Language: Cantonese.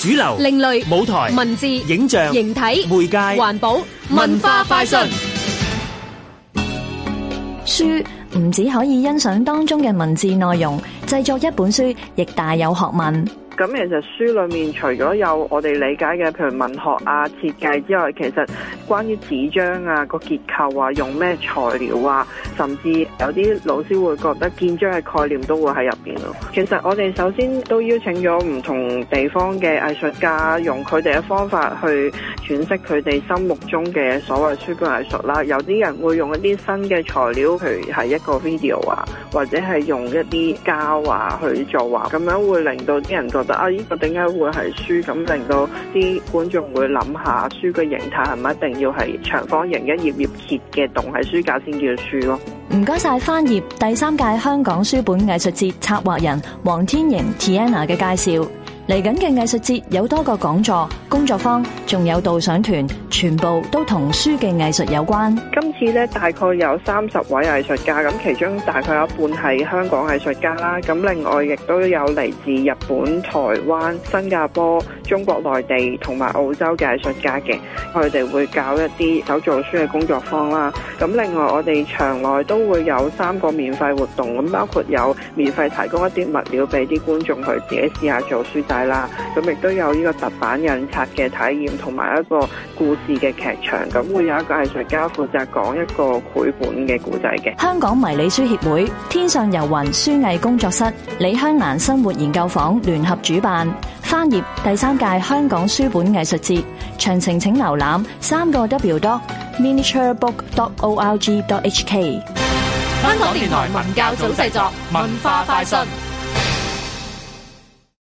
主流、另類舞台、文字、影像、形體、媒介、環保、文化快訊。書唔止可以欣賞當中嘅文字內容，製作一本書亦大有學問。咁其實書裏面除咗有我哋理解嘅，譬如文學啊、設計之外，其實。關於紙張啊，個結構啊，用咩材料啊，甚至有啲老師會覺得建築嘅概念都會喺入邊咯。其實我哋首先都邀請咗唔同地方嘅藝術家，用佢哋嘅方法去詮釋佢哋心目中嘅所謂書具藝術啦。有啲人會用一啲新嘅材料，譬如係一個 video 啊，或者係用一啲膠啊去做啊，咁樣會令到啲人覺得啊，呢個點解會係書咁，令到啲觀眾會諗下書嘅形態係咪一定要係長方形、一頁頁揭嘅動喺書架先叫書咯。唔該晒翻頁。第三屆香港書本藝術節策劃人黃天盈 Tiana 嘅介紹。嚟緊嘅藝術節有多個講座、工作坊，仲有導賞團。全部都同書嘅藝術有關。今次咧大概有三十位藝術家，咁其中大概有一半係香港藝術家啦。咁另外亦都有嚟自日本、台灣、新加坡、中國內地同埋澳洲嘅藝術家嘅，佢哋會搞一啲手做書嘅工作坊啦。咁另外我哋場內都會有三個免費活動，咁包括有免費提供一啲物料俾啲觀眾去自己試下做書仔啦。咁亦都有呢個凸版印刷嘅體驗，同埋一個故事嘅劇場，咁會有一個藝術家負責講一個繪本嘅故仔嘅。香港迷你書協會、天上游雲書藝工作室、李香蘭生活研究房聯合主辦翻頁第三屆香港書本藝術節，詳情請瀏覽三個 W dot Miniature Book dot O L G dot H K。香港電台文教組製作，文化快訊。